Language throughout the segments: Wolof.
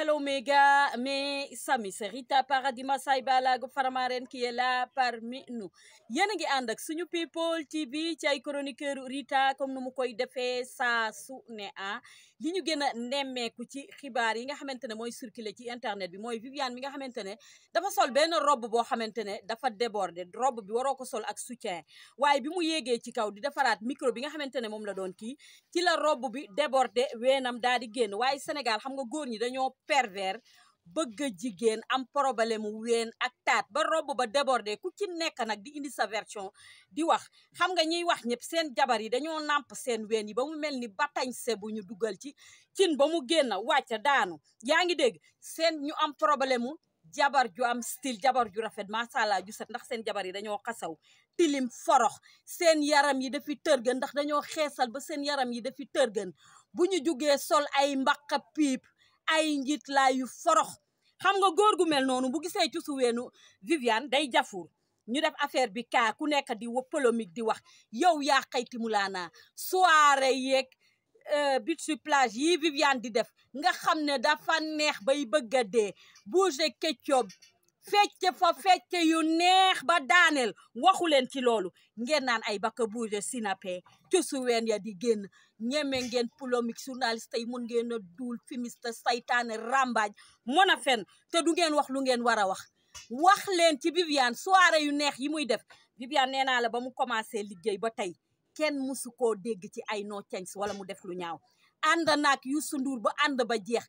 Hello Mega, mais Sami c'est Rita Paradis Massay Balago Faramaren qui est là parmi nous yéen a ngi ànd ak suñu people TV ci ay chroniqueur Rita comme nu mu koy defee saa su ne ah. li ñu gën a nemmeeku ci xibaar yi nga xamante ne mooy circuler ci internet bi mooy Viviane bi nga xamante ne dafa sol benn robe boo xamante ne dafa déborder robe bi waroo ko sol ak soutien waaye bi mu yéegee ci kaw di defaraat micro bi nga xamante ne moom la doon kii ci la robe bi déborder weenam daal di génn waaye Sénégal xam nga góor ñi dañoo pervers bëgg jigéen am problème mu ween ak taat ba robb ba débordé ku ci nekk nag di indi sa version di wax xam nga ñuy wax ñëpp seen jabar yi dañoo nàmp seen ween yi ba mu mel ni ba batañse bu ñu dugal ci cin ba mu génn wàcc daanu yaa ngi dégg seen ñu am problème mu jabar ju am style jabar ju rafet macha allah ju set ndax seen jabar yi dañoo xasaw tilim forox seen yaram yi da dafi tërgën ndax dañoo xeesal ba seen yaram yi dafi tërgën bu ñu jugee sol ay mbaqa piip ay njiit laa yu forox xam nga góor gu mel noonu bu gisee ci suweenu Viviane day jafuur ñu def affaire bi kaa ku nekk di polémique di wax yow yaa xayti mulaanaa soirée yeeg euh, beach sur plage yi Viviane di def nga xam ne dafa neex bay bëgg a dee bouger ketchup fecce fa fecce yu neex ba daaneel waxu leen ci loolu ngeen naan ay bakka buuje sinape ween ya di génn ñeme ngeen polémique journaliste yi mun ngeen a duul fimiste saytaane rambaaj mën a fen te du ngeen wax lu ngeen war a wax wax leen ci Viviane soirée yu neex yi muy def Viviane nee naa la ba mu commencé liggéey ba tey kenn musu koo dégg ci ay no change wala mu def lu ñaaw ànd naag Youssou Ndour ba ànd ba jeex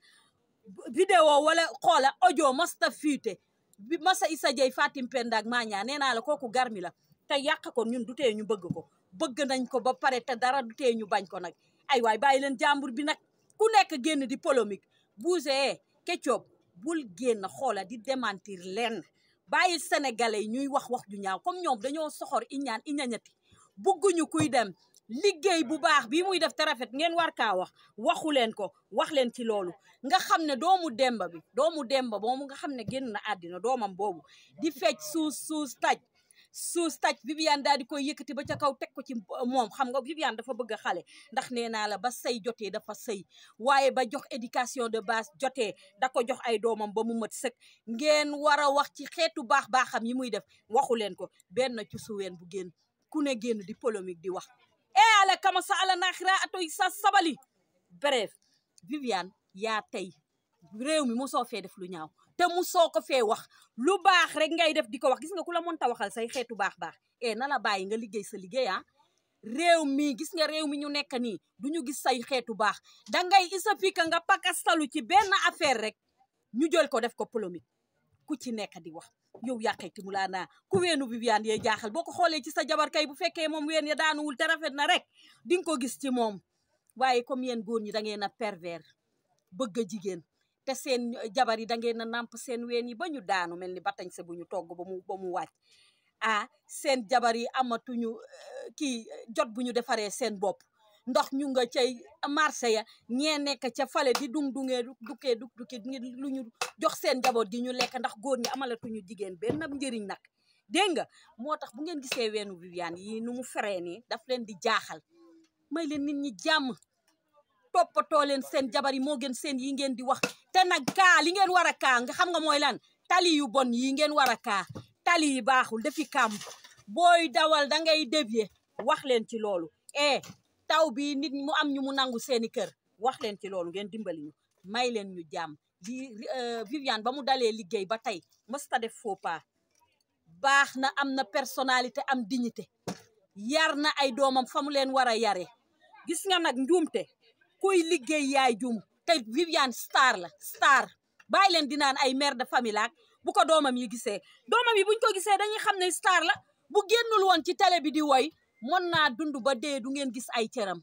vidéo wala xoola audio masta fiite bi Massa Issa Dieye Fatim Penda ak Maña nee naa la kooku garmi la te yàq ko ñun du tee ñu bëgg ko bëgg nañ ko ba pare te dara du tee ñu bañ ko nag ay waay bàyyi leen jàmbur bi nag ku nekk génn di polémique Boucher Ketchup bul génn xoola di démentir leen bàyyi sénégalais yi ñuy wax wax ju ñaaw comme ñoom dañoo soxor iñaan iñañati bugguñu kuy dem liggéey bu baax bii muy def te rafet ngeen war kaa wax waxu leen ko wax leen ci loolu nga xam ne doomu demba bi doomu demba boobu nga xam ne génn na àddina doomam boobu di fecc suus suus taj suus taj Viviane daal di koy yëkkati ba ca kaw teg ko ci moom xam nga Viviane dafa bëgg xale ndax nee naa la ba sëy jotee dafa sëy waaye ba jox éducation de base jote da ko jox ay doomam ba mu mat sëkk ngeen war a wax ci xeetu baax baaxam yi muy def waxu leen ko benn ci suween bu génn ku ne génn di polémique di wax saala kama saala naaxira atoy sa sabali bref Viviane yaa tey réew mi mosoo fee def lu ñaaw te mosoo ko fee wax lu baax rek ngay def di ko wax gis nga ku la mënta waxal say xeetu baax baax e na la bàyyi nga liggéey sa liggéeya ah réew mi gis nga réew mi ñu nekk nii du ñu gis say xeetu baax dangay isa fika nga salu ci benn affaire rek ñu jël ko def ko polémique ku ci nekk di wax yow yàqeeti mu laa naa ku weenu Viviane yee jaaxal boo ko xoolee ci sa jabar kay bu fekkee moom ween ya daanuwul te rafet na rek di nga ko gis ci moom waaye comme yéen góor ñi dangeen ngeen a pervers bëgg a jigéen te seen jabar yi da ngeen a nàmp seen ween yi ba ñu daanu mel ni ba batañ se bu ñu togg ba mu ba mu wàcc ah seen jabar yi amatuñu eh, kii jot bu ñu defaree seen bopp ndax ñu nga cay marché ya ñee nekk ca fale di dung dungee dukkee duk duki lu ñu jox seen njaboot gi ñu lekk ndax góor ñi amalatuñu jigéen benn njëriñ nag dégg nga moo tax bu ngeen gisee weenu Viviane yi nu mu feree nii daf leen di jaaxal may leen nit ñi jàmm toppatoo leen seen jabar yi moo gën seen yi ngeen di wax te nag kaa li ngeen war a kaa xam nga mooy lan tali yu bon yi ngeen war a kaa tali yi baaxul dafi kàmb booy dawal da ngay dévier wax leen ci loolu eh taw bii nit mu am ñu mu nangu seeni kër wax ci loolu ngeen dimbali ñu may leen ñu jàmm li euh, Viviane ba mu dalee liggéey ba tey mësta def foopa baax na am na personnalité am dignité yar na ay doomam fa mu leen war a yare gis nga nag njuumte kuy liggéey yaay juum te Viviane star la star bàyyi leen di ay mère de famille laak bu ko doomam yi gisee doomam yi buñ ko gisee dañuy xam ne star la bu génnul woon ci télé bi di woy mën naa dund ba dee du ngeen gis ay cëram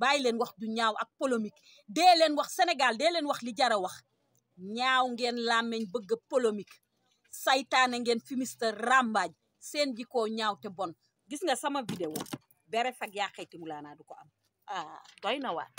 bàyyi leen wax du ñaaw ak polémique dee leen wax Sénégal dee leen wax li jara wax ñaaw ngeen làmmeñ bëgg polémique saytaane ngeen fi mister seen jikko ñaaw te bon gis nga sama vidéo bere fag yaa xayti mulaanaa ko am ah doy na waar